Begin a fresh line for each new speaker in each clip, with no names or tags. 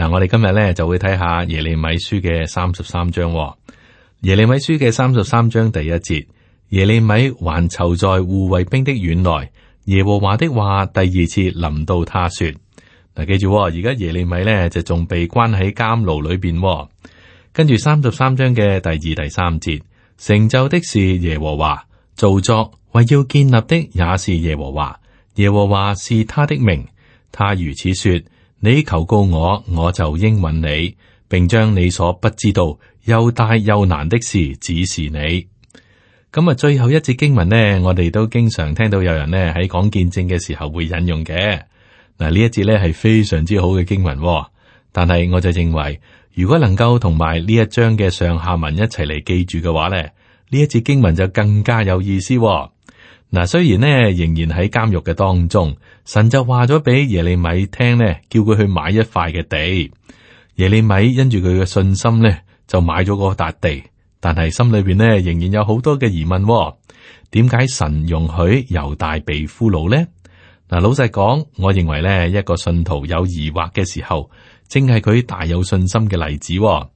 嗱，我哋今日咧就會睇下耶利米書嘅三十三章。耶利米書嘅三十三章第一節，耶利米還囚在護衛兵的院內。耶和華的話第二次臨到他說：「嗱，記住，而家耶利米咧就仲被關喺監牢裏邊。跟住三十三章嘅第二、第三節，成就的是耶和華，造作為要建立的也是耶和華。耶和華是他的名，他如此說。你求告我，我就應允你，並將你所不知道又大又難的事指示你。咁啊，最後一節經文咧，我哋都經常聽到有人咧喺講見證嘅時候會引用嘅。嗱，呢一節咧係非常之好嘅經文喎，但係我就認為，如果能夠同埋呢一章嘅上下文一齊嚟記住嘅話咧，呢一節經文就更加有意思喎。嗱，雖然呢仍然喺監獄嘅當中，神就話咗俾耶利米聽咧，叫佢去買一塊嘅地。耶利米因住佢嘅信心咧，就買咗嗰笪地，但係心裏邊咧仍然有好多嘅疑問，哦。點解神容許猶大被俘虜呢？嗱，老實講，我認為咧一個信徒有疑惑嘅時候，正係佢大有信心嘅例子，哦。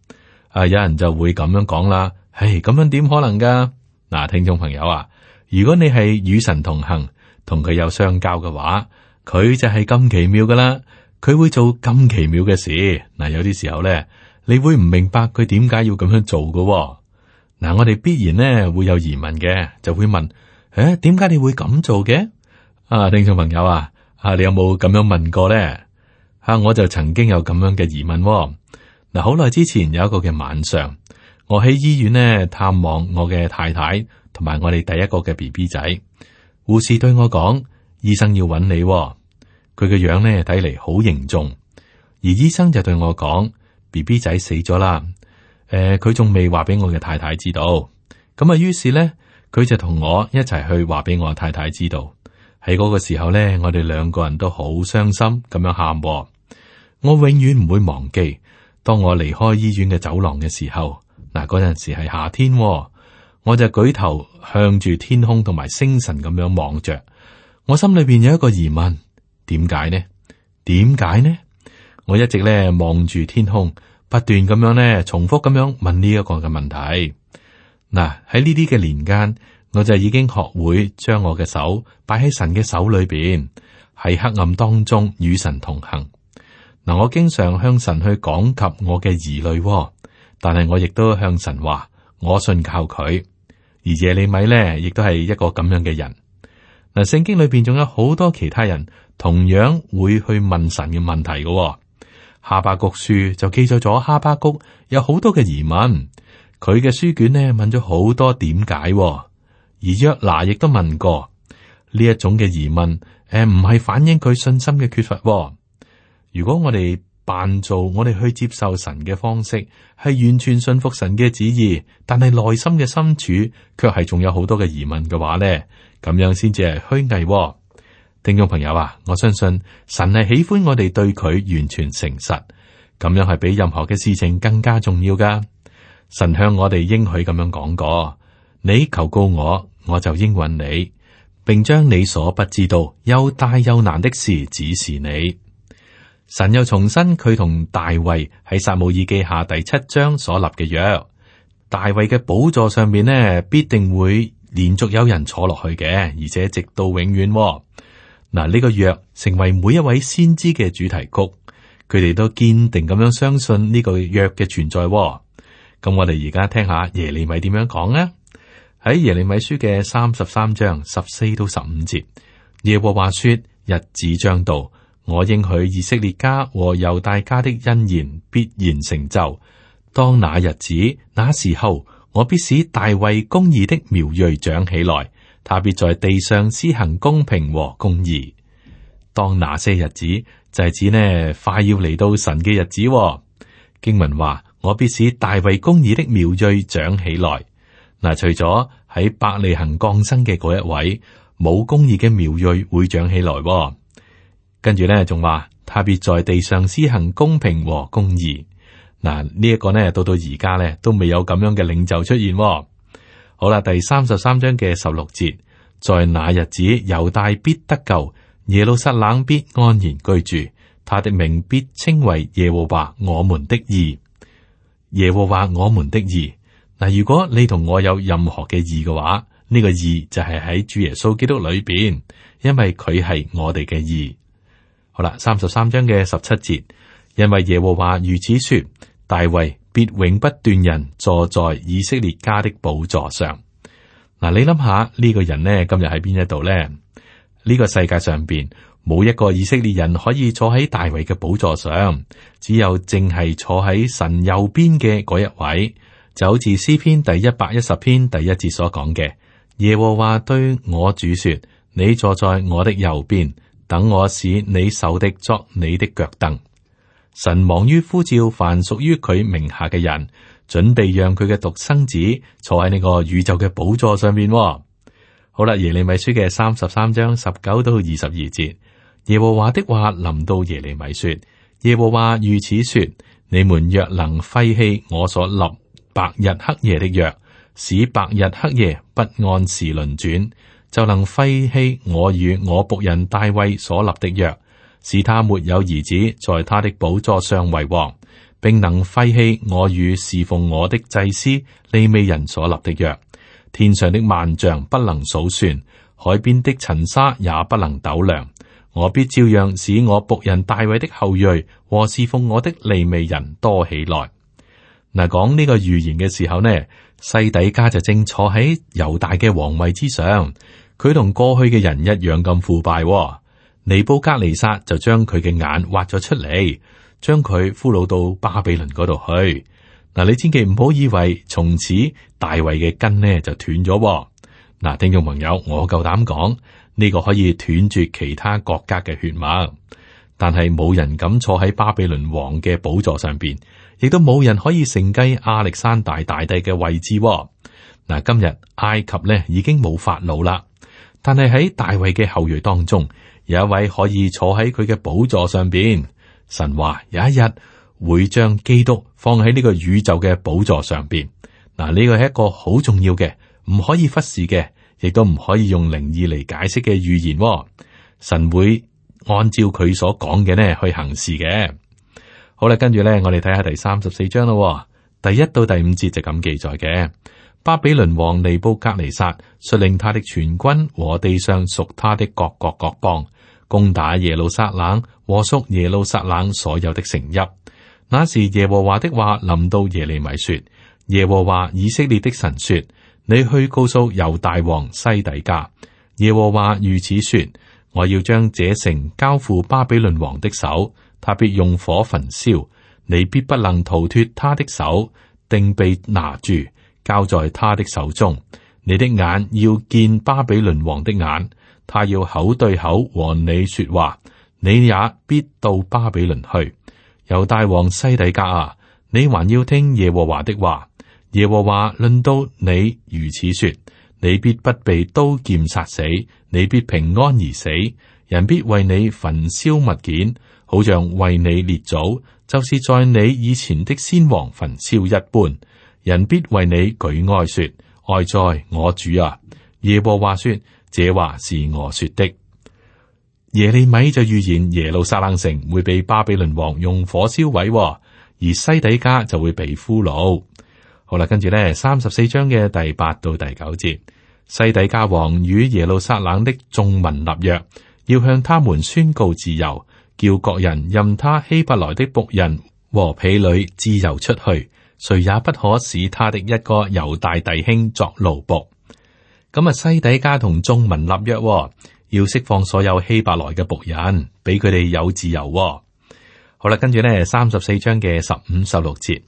啊，有人就會咁樣講啦，唉，咁樣點可能噶？嗱，聽眾朋友啊。如果你係與神同行，同佢有相交嘅話，佢就係咁奇妙噶啦。佢會做咁奇妙嘅事，嗱，有啲時候咧，你會唔明白佢點解要咁樣做嘅喎？嗱，我哋必然咧會有疑問嘅，就會問：誒，點解你會咁做嘅？啊，聽眾朋友啊，啊，你有冇咁樣問過咧？吓、啊，我就曾經有咁樣嘅疑問喎。嗱，好耐之前有一個嘅晚上，我喺醫院咧探望我嘅太太。同埋我哋第一個嘅 B B 仔，護士對我講：醫生要揾你、喎，佢嘅樣咧睇嚟好凝重。而醫生就對我講：B B 仔死咗啦，誒、呃，佢仲未話俾我嘅太太知道。咁啊，於是咧佢就同我一齊去話俾我太太知道。喺嗰個時候咧，我哋兩個人都好傷心，咁樣喊喎。我永遠唔會忘記，當我離開醫院嘅走廊嘅時候，嗱嗰陣時係夏天、喎。我就舉頭向住天空同埋星辰咁樣望着，我心裏邊有一個疑問：點解呢？點解呢？我一直咧望住天空，不斷咁樣咧重複咁樣問呢一個嘅問題。嗱，喺呢啲嘅年間，我就已經學會將我嘅手擺喺神嘅手裏邊，喺黑暗當中與神同行。嗱、啊，我經常向神去講及我嘅疑慮、哦，但係我亦都向神話，我信靠佢。而耶利米咧，亦都係一個咁樣嘅人嗱。聖經裏邊仲有好多其他人同樣會去問神嘅問題嘅、哦。下巴谷書就記載咗，哈巴谷有好多嘅疑問，佢嘅書卷呢問咗好多點解、哦。而約拿亦都問過呢一種嘅疑問，誒，唔係反映佢信心嘅缺乏、哦。如果我哋。扮做我哋去接受神嘅方式，係完全信服神嘅旨意，但係內心嘅深處卻係仲有好多嘅疑問嘅話咧，咁樣先至係虛偽。聽眾朋友啊，我相信神係喜歡我哋對佢完全誠實，咁樣係比任何嘅事情更加重要噶。神向我哋應許咁樣講過：你求告我，我就應允你，並將你所不知道又大又難的事指示你。神又重申佢同大衛喺撒母耳記下第七章所立嘅約，大衛嘅寶座上面呢必定會連續有人坐落去嘅，而且直到永遠，哦。嗱，呢個約成為每一位先知嘅主題曲，佢哋都堅定咁樣相信呢個約嘅存在，哦。咁我哋而家聽下耶利米點樣講呢？喺耶利米書嘅三十三章十四到十五節，耶和華說：日子將到。我應許以色列家和猶大家的恩言必然成就。當那日子、那時候，我必使大衛公義的苗裔長起來，他必在地上施行公平和公義。當那些日子，就係、是、指呢快要嚟到神嘅日子。經文話：我必使大衛公義的苗裔長起來。嗱，除咗喺伯利恆降生嘅嗰一位冇公義嘅苗裔會長起來。跟住咧，仲話他必在地上施行公平和公義。嗱，呢、啊、一、這個呢，到到而家呢，都未有咁樣嘅領袖出現、哦。好啦，第三十三章嘅十六節，在那日子猶大必得救，耶路撒冷必安然居住，他的名必稱為耶和華我們的義，耶和華我們的義。嗱、啊，如果你同我有任何嘅義嘅話，呢、這個義就係喺主耶穌基督裏邊，因為佢係我哋嘅義。好啦，三十三章嘅十七節，因為耶和華如此說：大衛必永不斷人坐在以色列家的寶座上。嗱、啊，你諗下呢個人呢，今日喺邊一度呢？呢、這個世界上邊冇一個以色列人可以坐喺大衛嘅寶座上，只有淨係坐喺神右邊嘅嗰一位，就好似詩篇第一百一十篇第一節所講嘅：耶和華對我主說，你坐在我的右邊。等我使你仇敵作你的腳凳，神忙於呼召凡屬於佢名下嘅人，準備讓佢嘅獨生子坐喺呢個宇宙嘅寶座上面。好啦，耶利米書嘅三十三章十九到二十二節，耶和華的話臨到耶利米說：耶和華如此說，你們若能廢棄我所立白日黑夜的約，使白日黑夜不按時輪轉。就能廢棄我與我僕人大衛所立的約，使他沒有兒子在他的寶座上為王，並能廢棄我與侍奉我的祭司利未人所立的約。天上的萬象不能數算，海邊的塵沙也不能斗量。我必照樣使我僕人大衛的後裔和侍奉我的利未人多起來。嗱，講呢個預言嘅時候呢，西底家就正坐喺猶大嘅皇位之上。佢同過去嘅人一樣咁腐敗、哦。尼布甲尼撒就將佢嘅眼挖咗出嚟，將佢俘虜到巴比倫嗰度去。嗱、啊，你千祈唔好以為從此大衛嘅根呢就斷咗、哦。嗱、啊，聽眾朋友，我夠膽講呢個可以斷絕其他國家嘅血脈，但係冇人敢坐喺巴比倫王嘅寶座上邊，亦都冇人可以承繼亞歷山大大帝嘅位置、哦。嗱、啊，今日埃及呢已經冇法老啦。但係喺大衛嘅後裔當中，有一位可以坐喺佢嘅寶座上邊。神話有一日會將基督放喺呢個宇宙嘅寶座上邊。嗱，呢個係一個好重要嘅，唔可以忽視嘅，亦都唔可以用靈意嚟解釋嘅預言。神會按照佢所講嘅呢去行事嘅。好啦，跟住咧，我哋睇下第三十四章咯，第一到第五節就咁記載嘅。巴比倫王尼布甲尼撒率領他的全軍和地上屬他的各國各邦攻打耶路撒冷和屬耶路撒冷所有的城邑。那時耶和華的話臨到耶利米說：耶和華以色列的神說，你去告訴猶大王西底家：耶和華如此說，我要將這城交付巴比倫王的手，他必用火焚燒，你必不能逃脫他的手，定被拿住。交在他的手中，你的眼要見巴比倫王的眼，他要口對口和你說話，你也必到巴比倫去。猶大王西底家啊，你還要聽耶和華的話。耶和華論到你如此說：你必不被刀劍殺死，你必平安而死。人必為你焚燒物件，好像為你列祖，就是在你以前的先王焚燒一般。人必為你舉哀說，哀哉我主啊。耶和華說：這話是我說的。耶利米就預言耶路撒冷城會被巴比倫王用火燒毀，哦，而西底家就會被俘虜。好啦，跟住咧，三十四章嘅第八到第九節，西底家王與耶路撒冷的眾民立約，要向他們宣告自由，叫各人任他希伯來的僕人和婢女自由出去。誰也不可使他的一個猶大弟兄作奴僕。咁啊，西底家同眾民立約，要釋放所有希伯來嘅僕人，俾佢哋有自由。好啦，跟住呢，三十四章嘅十五十六節。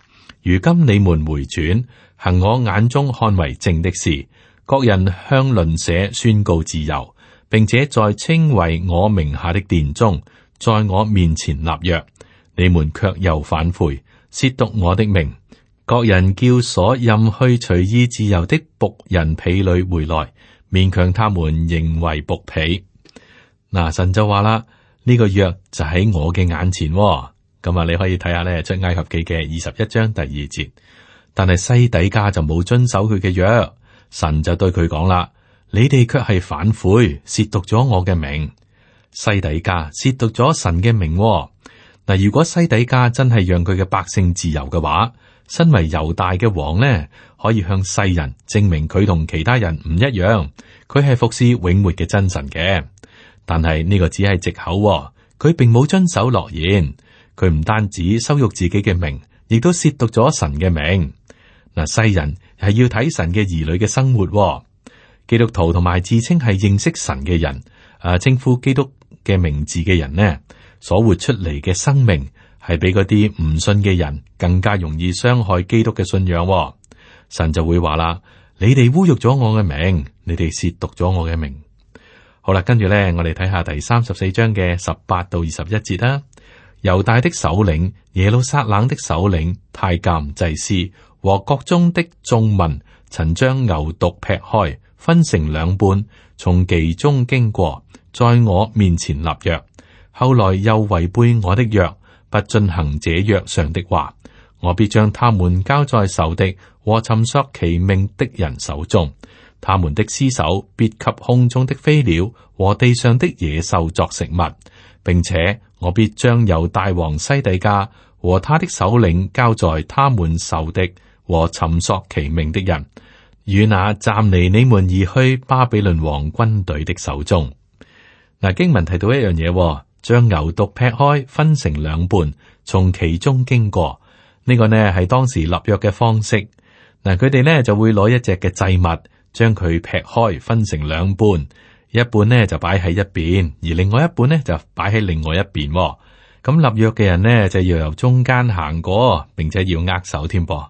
如今你們回轉，行我眼中看為正的事，各人向鄰舍宣告自由，並且在稱為我名下的殿中，在我面前立約，你們卻又反悔，褻瀆我的名。各人叫所任去隨意自由的僕人婢女回來，勉強他們認為僕婢。嗱，神就話啦：呢、這個約就喺我嘅眼前、喎，咁啊，你可以睇下咧出埃及記嘅二十一章第二節。但係西底家就冇遵守佢嘅約，神就對佢講啦：你哋卻係反悔，褻瀆咗我嘅名。西底家褻瀆咗神嘅名、喎。嗱，如果西底家真係讓佢嘅百姓自由嘅話，身為猶大嘅王呢，可以向世人證明佢同其他人唔一樣，佢係服侍永活嘅真神嘅。但係呢，這個只係藉口，哦，佢並冇遵守諾言。佢唔單止羞辱自己嘅名，亦都褻瀆咗神嘅名。嗱，世人係要睇神嘅兒女嘅生活，哦，基督徒同埋自稱係認識神嘅人，誒，啊，稱呼基督嘅名字嘅人呢，所活出嚟嘅生命。係俾嗰啲唔信嘅人更加容易傷害基督嘅信仰。哦，神就會話啦：你哋侮辱咗我嘅名，你哋褻瀆咗我嘅名。好啦，跟住咧，我哋睇下第三十四章嘅十八到二十一節啦。猶大的首領耶路撒冷的首領太監祭司和國中的眾民，曾將牛犢劈開，分成兩半，從其中經過，在我面前立約，後來又違背我的約。不進行這約上的話，我必將他們交在仇敵和尋索其命的人手中，他們的屍首必給空中的飛鳥和地上的野獸作食物，並且我必將猶大王西底家和他的首領交在他們仇敵和尋索其命的人與那暫離你們而去巴比倫王軍隊的手中。嗱、啊，經文提到一樣嘢、啊。將牛犢劈開，分成兩半，從其中經過。呢個呢係當時立約嘅方式。嗱，佢哋呢就會攞一隻嘅祭物，將佢劈開，分成兩半，一半呢就擺喺一邊，而另外一半呢就擺喺另外一邊。咁立約嘅人呢就要由中間行過，並且要握手添噃。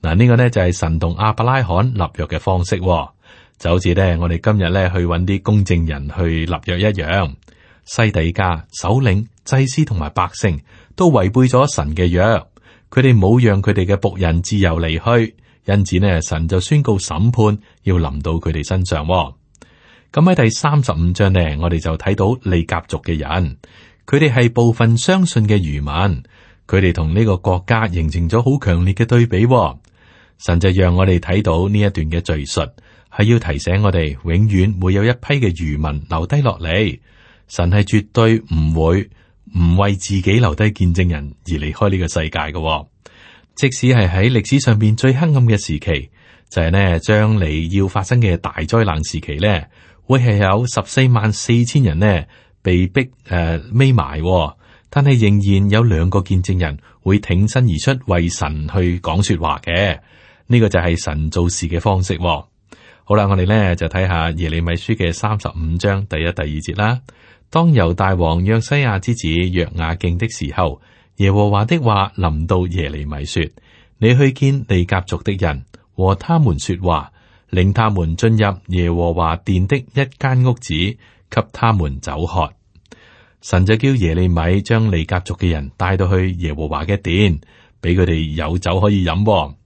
嗱，呢個呢就係神同阿伯拉罕立約嘅方式，就好似呢我哋今日呢去揾啲公證人去立約一樣。西底家首領、祭司同埋百姓都違背咗神嘅約，佢哋冇讓佢哋嘅僕人自由離去，因此呢，神就宣告審判要臨到佢哋身上、哦。咁喺第三十五章呢，我哋就睇到利甲族嘅人，佢哋係部分相信嘅餘民，佢哋同呢個國家形成咗好強烈嘅對比、哦。神就讓我哋睇到呢一段嘅敘述，係要提醒我哋，永遠會有一批嘅餘民留低落嚟。神係絕對唔會唔為自己留低見證人而離開呢個世界嘅、哦，即使係喺歷史上邊最黑暗嘅時期，就係呢將嚟要發生嘅大災難時期呢，會係有十四萬四千人呢被逼誒匿埋，但係仍然有兩個見證人會挺身而出為神去講說話嘅，呢、這個就係神做事嘅方式、哦。好啦，我哋呢就睇下耶利米書嘅三十五章第一、第二節啦。當猶大王約西亞之子約雅敬的時候，耶和華的話臨到耶利米說：你去見利甲族的人，和他們說話，令他們進入耶和華殿的一間屋子，給他們酒喝。神就叫耶利米將利甲族嘅人帶到去耶和華嘅殿，俾佢哋有酒可以飲哦。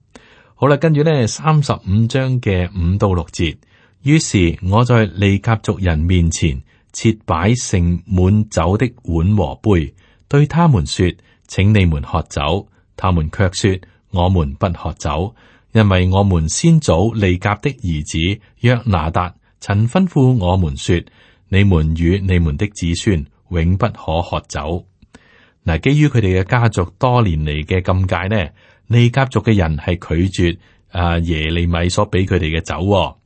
好啦，跟住呢，三十五章嘅五到六節，於是我在利甲族人面前。切擺盛滿酒的碗和杯，對他們說：請你們喝酒。他們卻說：我們不喝酒，因為我們先祖利甲的兒子約拿達曾吩咐我們說：你們與你們的子孫永不可喝酒。嗱，基於佢哋嘅家族多年嚟嘅禁戒呢，利甲族嘅人係拒絕阿耶利米所俾佢哋嘅酒。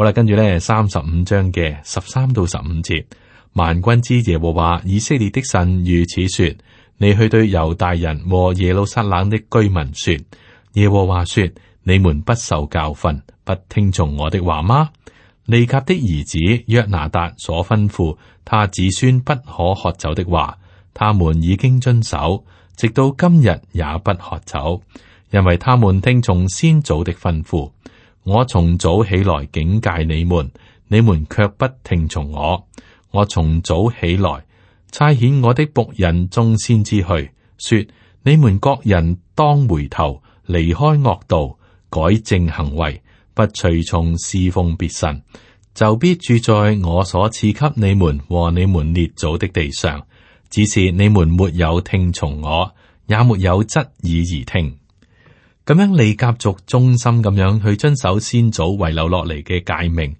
好啦，跟住咧，三十五章嘅十三到十五節，萬軍之耶和華以色列的神如此說：你去對猶大人和耶路撒冷的居民說，耶和華說：你們不受教訓，不聽從我的話嗎？利甲的兒子約拿達所吩咐他子孫不可喝酒的話，他們已經遵守，直到今日也不喝酒，因為他們聽從先祖的吩咐。我從早起來警戒你們，你們卻不聽從我。我從早起來差遣我的僕人眾先知去，說：你們各人當回頭，離開惡道，改正行為，不隨從侍奉別神，就必住在我所賜給你們和你們列祖的地上。只是你們沒有聽從我，也沒有側耳而聽。咁樣利甲族忠心咁樣去遵守先祖遺留落嚟嘅誡命，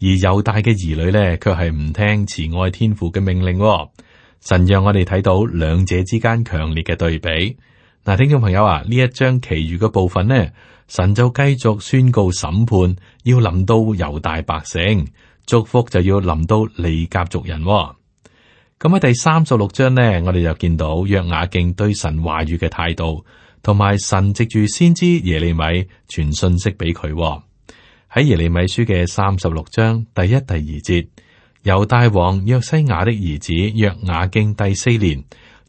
而猶大嘅兒女呢，却係唔聽慈愛天父嘅命令。神讓我哋睇到兩者之間強烈嘅對比。嗱，聽眾朋友啊，呢一章其餘嘅部分呢，神就繼續宣告審判要臨到猶大百姓，祝福就要臨到利甲族人。咁喺第三十六章呢，我哋就見到約雅敬對神話語嘅態度。同埋神藉住先知耶利米傳信息俾佢，喺耶利米書嘅三十六章第一、第二節。猶大王約西亞的兒子約雅敬第四年，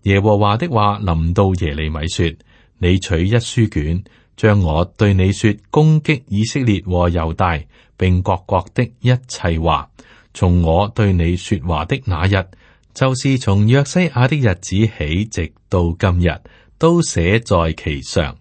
耶和華的話臨到耶利米說：你取一書卷，將我對你說攻擊以色列和猶大，並各國的一切話，從我對你說話的那日，就是從約西亞的日子起，直到今日。都寫在其上，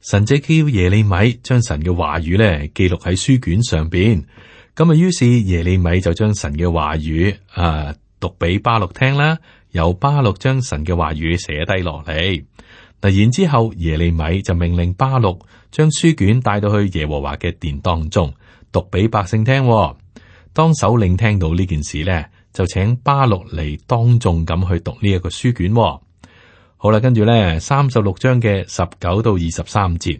神就叫耶利米將神嘅話語咧記錄喺書卷上邊，咁啊，於是耶利米就將神嘅話語啊、呃、讀俾巴錄聽啦，由巴錄將神嘅話語寫低落嚟。突然之後耶利米就命令巴錄將書卷帶到去耶和華嘅殿當中讀俾百姓聽。當首領聽到呢件事咧，就請巴錄嚟當眾咁去讀呢一個書卷。好啦，跟住咧，三十六章嘅十九到二十三節，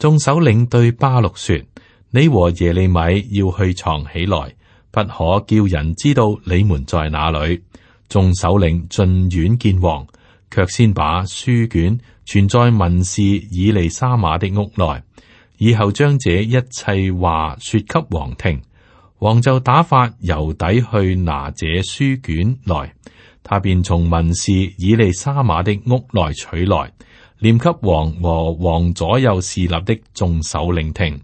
眾首領對巴錄說：你和耶利米要去藏起來，不可叫人知道你們在哪裏。眾首領進院見王，卻先把書卷存在文士以利沙瑪的屋內，以後將這一切話說給王聽。王就打發猶底去拿這書卷來，他便從文士以利沙馬的屋內取來，念給王和王左右侍立的眾首領聽。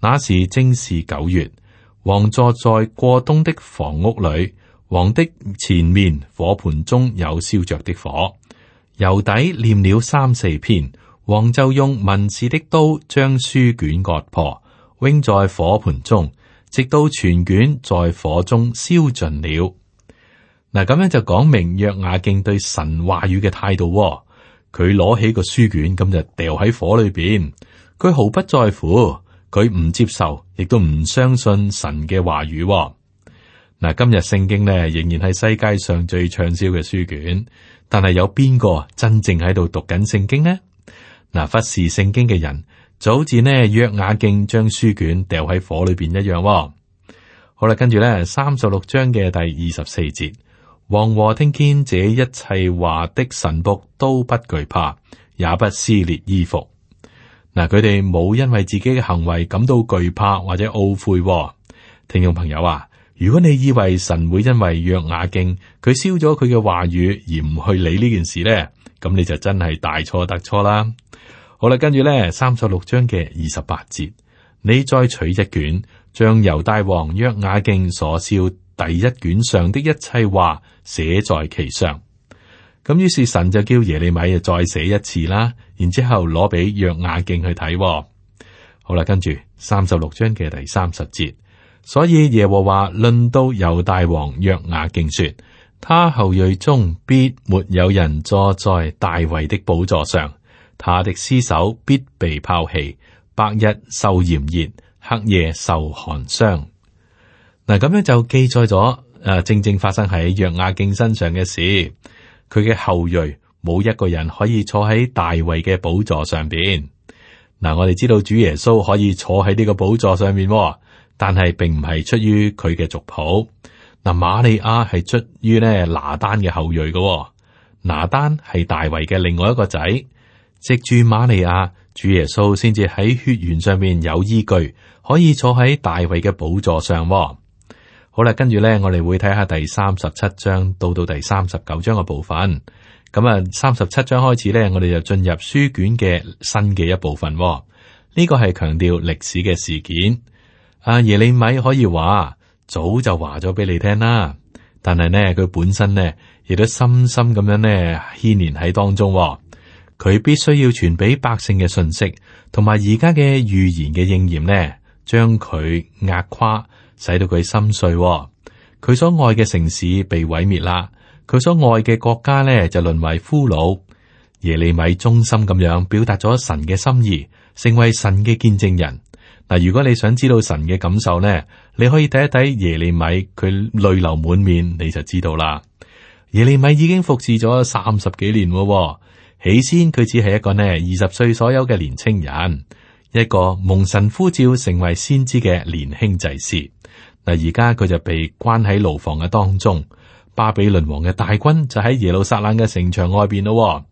那時正是九月，王坐在過冬的房屋裏，王的前面火盆中有燒着的火。猶底念了三四篇，王就用文士的刀將書卷割破，扔在火盆中。直到全卷在火中燒盡了，嗱，咁樣就講明約雅敬對神話語嘅態度、哦。佢攞起個書卷咁就掉喺火裏邊，佢毫不在乎，佢唔接受，亦都唔相信神嘅話語、哦。嗱，今日聖經咧仍然係世界上最暢銷嘅書卷，但係有邊個真正喺度讀緊聖經呢？嗱，忽視聖經嘅人。就好似呢約雅敬將書卷掉喺火裏邊一樣、哦，好啦，跟住咧三十六章嘅第二十四節，王和聽見這一切話的臣僕都不懼怕，也不撕裂衣服。嗱，佢哋冇因為自己嘅行為感到懼怕或者懊悔、哦。聽眾朋友啊，如果你以為神會因為約雅敬佢燒咗佢嘅話語而唔去理呢件事呢，咁你就真係大錯特錯啦。好啦，跟住咧，三十六章嘅二十八節，你再取一卷，將猶大王約雅敬所燒第一卷上的一切話寫在其上。咁於是神就叫耶利米又再寫一次啦，然之後攞俾約雅敬去睇，哦。好啦，跟住三十六章嘅第三十節，所以耶和華論到猶大王約雅敬說，他後裔中必沒有人坐在大衛的寶座上。他的屍首必被拋棄，白日受炎熱，黑夜受寒霜。嗱，咁樣就記載咗誒，正正發生喺約亞敬身上嘅事。佢嘅後裔冇一個人可以坐喺大衛嘅寶座上邊。嗱、嗯，我哋知道主耶穌可以坐喺呢個寶座上面，但係並唔係出於佢嘅族譜。嗱、嗯，瑪利亞係出於呢拿單嘅後裔嘅、哦，拿單係大衛嘅另外一個仔。藉住瑪利亞，主耶穌先至喺血緣上面有依據，可以坐喺大衛嘅寶座上。好啦，跟住咧，我哋會睇下第三十七章到到第三十九章嘅部分。咁、嗯、啊，三十七章開始咧，我哋就進入書卷嘅新嘅一部分。呢個係強調歷史嘅事件。阿、啊、耶利米可以話，早就話咗俾你聽啦。但係呢，佢本身呢，亦都深深咁樣呢牽連喺當中。佢必須要傳俾百姓嘅信息，同埋而家嘅預言嘅應驗呢，將佢壓垮，使到佢心碎。佢所愛嘅城市被毀滅啦，佢所愛嘅國家呢就淪為俘虜。耶利米忠心咁樣表達咗神嘅心意，成為神嘅見證人。嗱，如果你想知道神嘅感受呢，你可以睇一睇耶利米，佢淚流滿面，你就知道啦。耶利米已經服侍咗三十幾年咯。起先佢只係一個呢二十歲所有嘅年輕人，一個蒙神呼召成為先知嘅年輕祭司。嗱而家佢就被關喺牢房嘅當中，巴比倫王嘅大軍就喺耶路撒冷嘅城牆外邊咯、哦。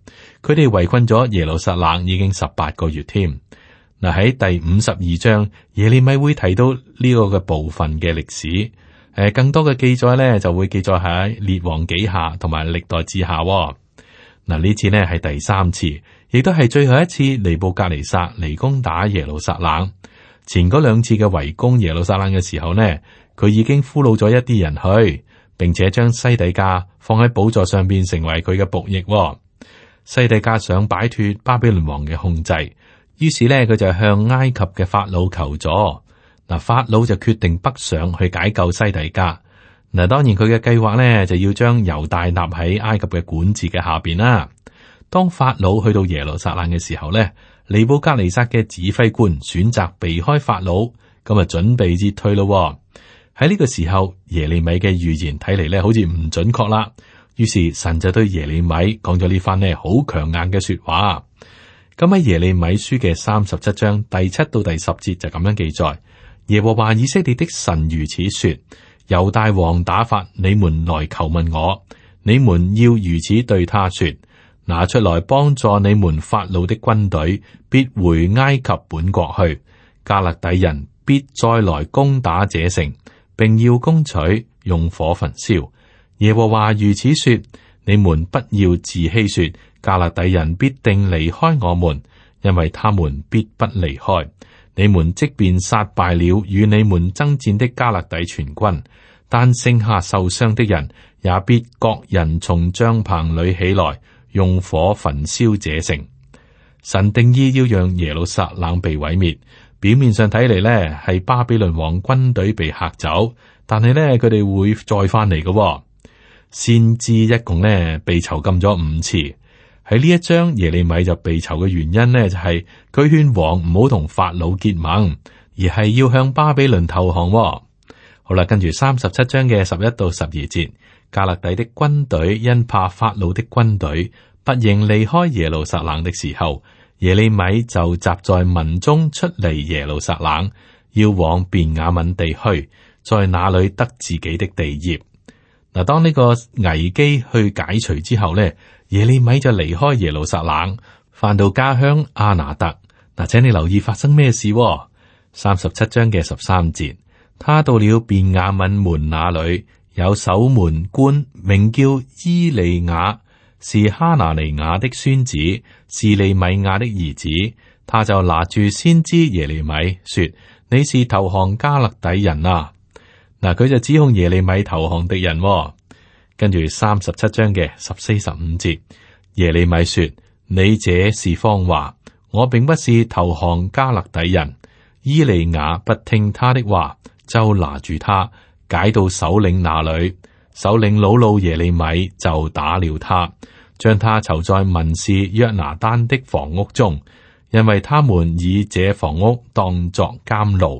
佢哋圍困咗耶路撒冷已經十八個月添。嗱喺第五十二章耶利米會提到呢個嘅部分嘅歷史，誒更多嘅記載咧就會記載喺列王紀下同埋歷代志下、哦。嗱呢次呢，係第三次，亦都係最後一次尼布甲尼撒嚟攻打耶路撒冷。前嗰兩次嘅圍攻耶路撒冷嘅時候呢，佢已經俘虜咗一啲人去，並且將西底家放喺寶座上邊，成為佢嘅僕役。西底家想擺脫巴比倫王嘅控制，於是呢，佢就向埃及嘅法老求助。嗱，法老就決定北上去解救西底家。嗱，當然佢嘅計劃呢，就要將猶大納喺埃及嘅管治嘅下邊啦。當法老去到耶路撒冷嘅時候，呢尼布甲尼撒嘅指揮官選擇避開法老，咁啊準備撤退咯。喺呢個時候，耶利米嘅預言睇嚟呢好似唔準確啦。於是神就對耶利米講咗呢番咧好強硬嘅說話。咁喺耶利米書嘅三十七章第七到第十節就咁樣記載：耶和華以色列的神如此說。猶大王打發你們來求問我，你們要如此對他說：拿出來幫助你們法老的軍隊，必回埃及本國去。加勒底人必再來攻打這城，並要攻取，用火焚燒。耶和華如此說：你們不要自欺說，說加勒底人必定離開我們，因為他們必不離開。你們即便殺敗了與你們爭戰的加勒底全軍，但剩下受傷的人，也必各人從帳篷裏起來，用火焚燒這城。神定意要讓耶路撒冷被毀滅。表面上睇嚟呢係巴比倫王軍隊被嚇走，但係呢，佢哋會再翻嚟嘅。先知一共呢被囚禁咗五次。喺呢一章耶利米就被囚嘅原因呢，就係佢勸王唔好同法老結盟，而係要向巴比倫投降，哦。好啦，跟住三十七章嘅十一到十二節，迦勒底的軍隊因怕法老的軍隊，不仍離開耶路撒冷的時候，耶利米就集在民中出嚟耶路撒冷，要往便雅憫地區，在那裏得自己的地業。嗱，當呢個危機去解除之後呢。耶利米就離開耶路撒冷，返到家鄉阿拿特。嗱，請你留意發生咩事，哦？三十七章嘅十三節，他到了便雅憫門那裡，有守門官名叫伊利亞，是哈拿尼亞的孫子，是利米亞的兒子。他就拿住先知耶利米，說：你是投降加勒底人啊！嗱，嗯，佢就指控耶利米投降敵人，哦。跟住三十七章嘅十四十五節，耶利米說：你這是謊話，我並不是投降迦勒底人。伊利亞不聽他的話，就拿住他解到首領那裏，首領惱怒耶利米就打了他，將他囚在文士約拿單的房屋中，因為他們以這房屋當作監牢。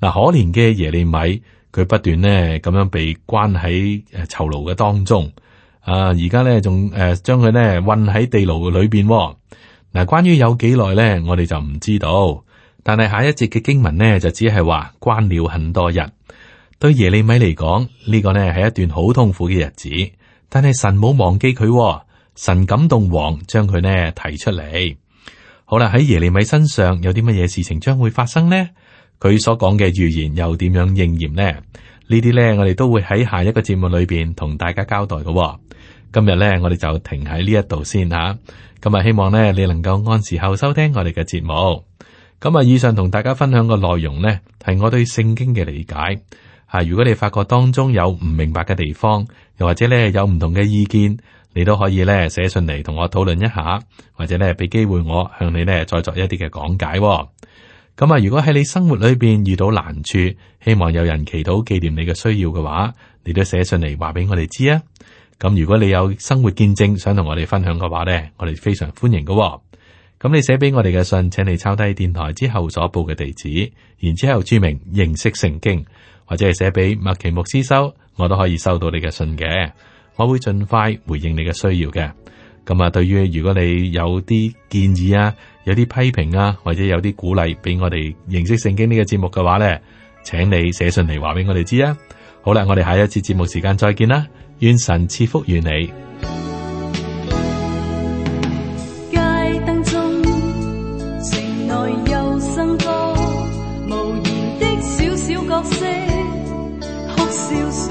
嗱，可憐嘅耶利米。佢不斷呢咁樣被關喺誒囚牢嘅當中，啊而家咧仲誒將佢呢困喺地牢裏邊。嗱，關於有幾耐咧，我哋就唔知道。但係下一節嘅經文呢，就只係話關了很多日。對耶利米嚟講，呢個呢係一段好痛苦嘅日子。但係神冇忘記佢喎，神感動王將佢呢提出嚟。好啦，喺耶利米身上有啲乜嘢事情將會發生呢？佢所講嘅預言又點樣應驗呢？呢啲呢，我哋都會喺下一個節目裏邊同大家交代嘅哦。今日呢，我哋就停喺呢一度先吓。咁啊，希望呢，你能夠按時候收聽我哋嘅節目。咁啊，以上同大家分享嘅內容呢，係我對聖經嘅理解。吓，如果你發覺當中有唔明白嘅地方，又或者呢有唔同嘅意見，你都可以呢寫信嚟同我討論一下，或者呢俾機會我向你呢再作一啲嘅講解。咁啊！如果喺你生活裏邊遇到難處，希望有人祈禱紀念你嘅需要嘅話，你都寫信嚟話俾我哋知啊！咁如果你有生活見證想同我哋分享嘅話咧，我哋非常歡迎噶哦。咁你寫俾我哋嘅信，請你抄低電台之後所報嘅地址，然之後注明認識聖經，或者係寫俾麥奇牧師收，我都可以收到你嘅信嘅。我會盡快回應你嘅需要嘅。咁啊，對於如果你有啲建議啊，有啲批評啊，或者有啲鼓勵俾我哋認識聖經、這個、呢個節目嘅話咧，請你寫信嚟話俾我哋知啊！好啦，我哋下一次節目時間再見啦，願神賜福與你。街燈中，城內又笙歌，無言的小小角色，哭笑誰